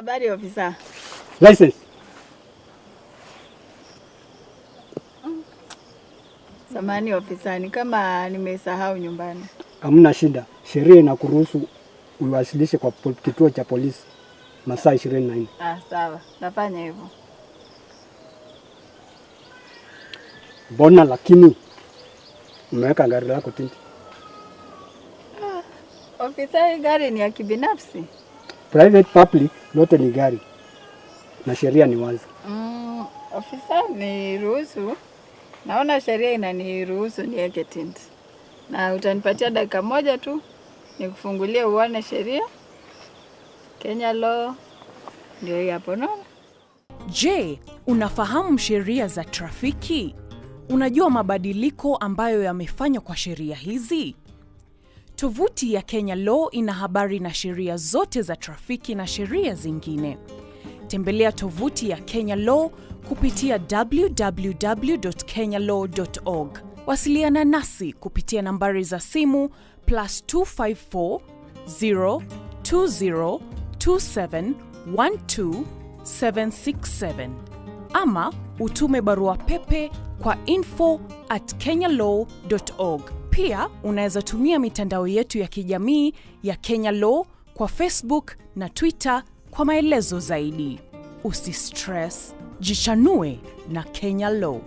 Habari ya ofisa. License. Samani ofisa, ni kama nimesahau nyumbani. Hamna shida, sheria inakuruhusu uiwasilishe kwa kituo cha polisi masaa ishirini na nne. Ah, sawa, nafanya hivyo. Mbona lakini umeweka gari lako tinti? Ah, ofisa, hii gari ni ya kibinafsi private public lote ni gari na sheria ni wazi. Mm, ofisa ni ruhusu, naona sheria inaniruhusu niweke tint, na utanipatia dakika moja tu nikufungulie uone sheria Kenya law ndio hii hapo, naona. Je, unafahamu sheria za trafiki? Unajua mabadiliko ambayo yamefanywa kwa sheria hizi? Tovuti ya Kenya Law ina habari na sheria zote za trafiki na sheria zingine. Tembelea tovuti ya Kenya Law kupitia www.kenyalaw.org. Wasiliana nasi kupitia nambari za simu +254 020 27 ama utume barua pepe kwa info at kenyalaw.org. Pia unaweza tumia mitandao yetu ya kijamii ya Kenya Law kwa Facebook na Twitter kwa maelezo zaidi. Usistress, jichanue na Kenya Law.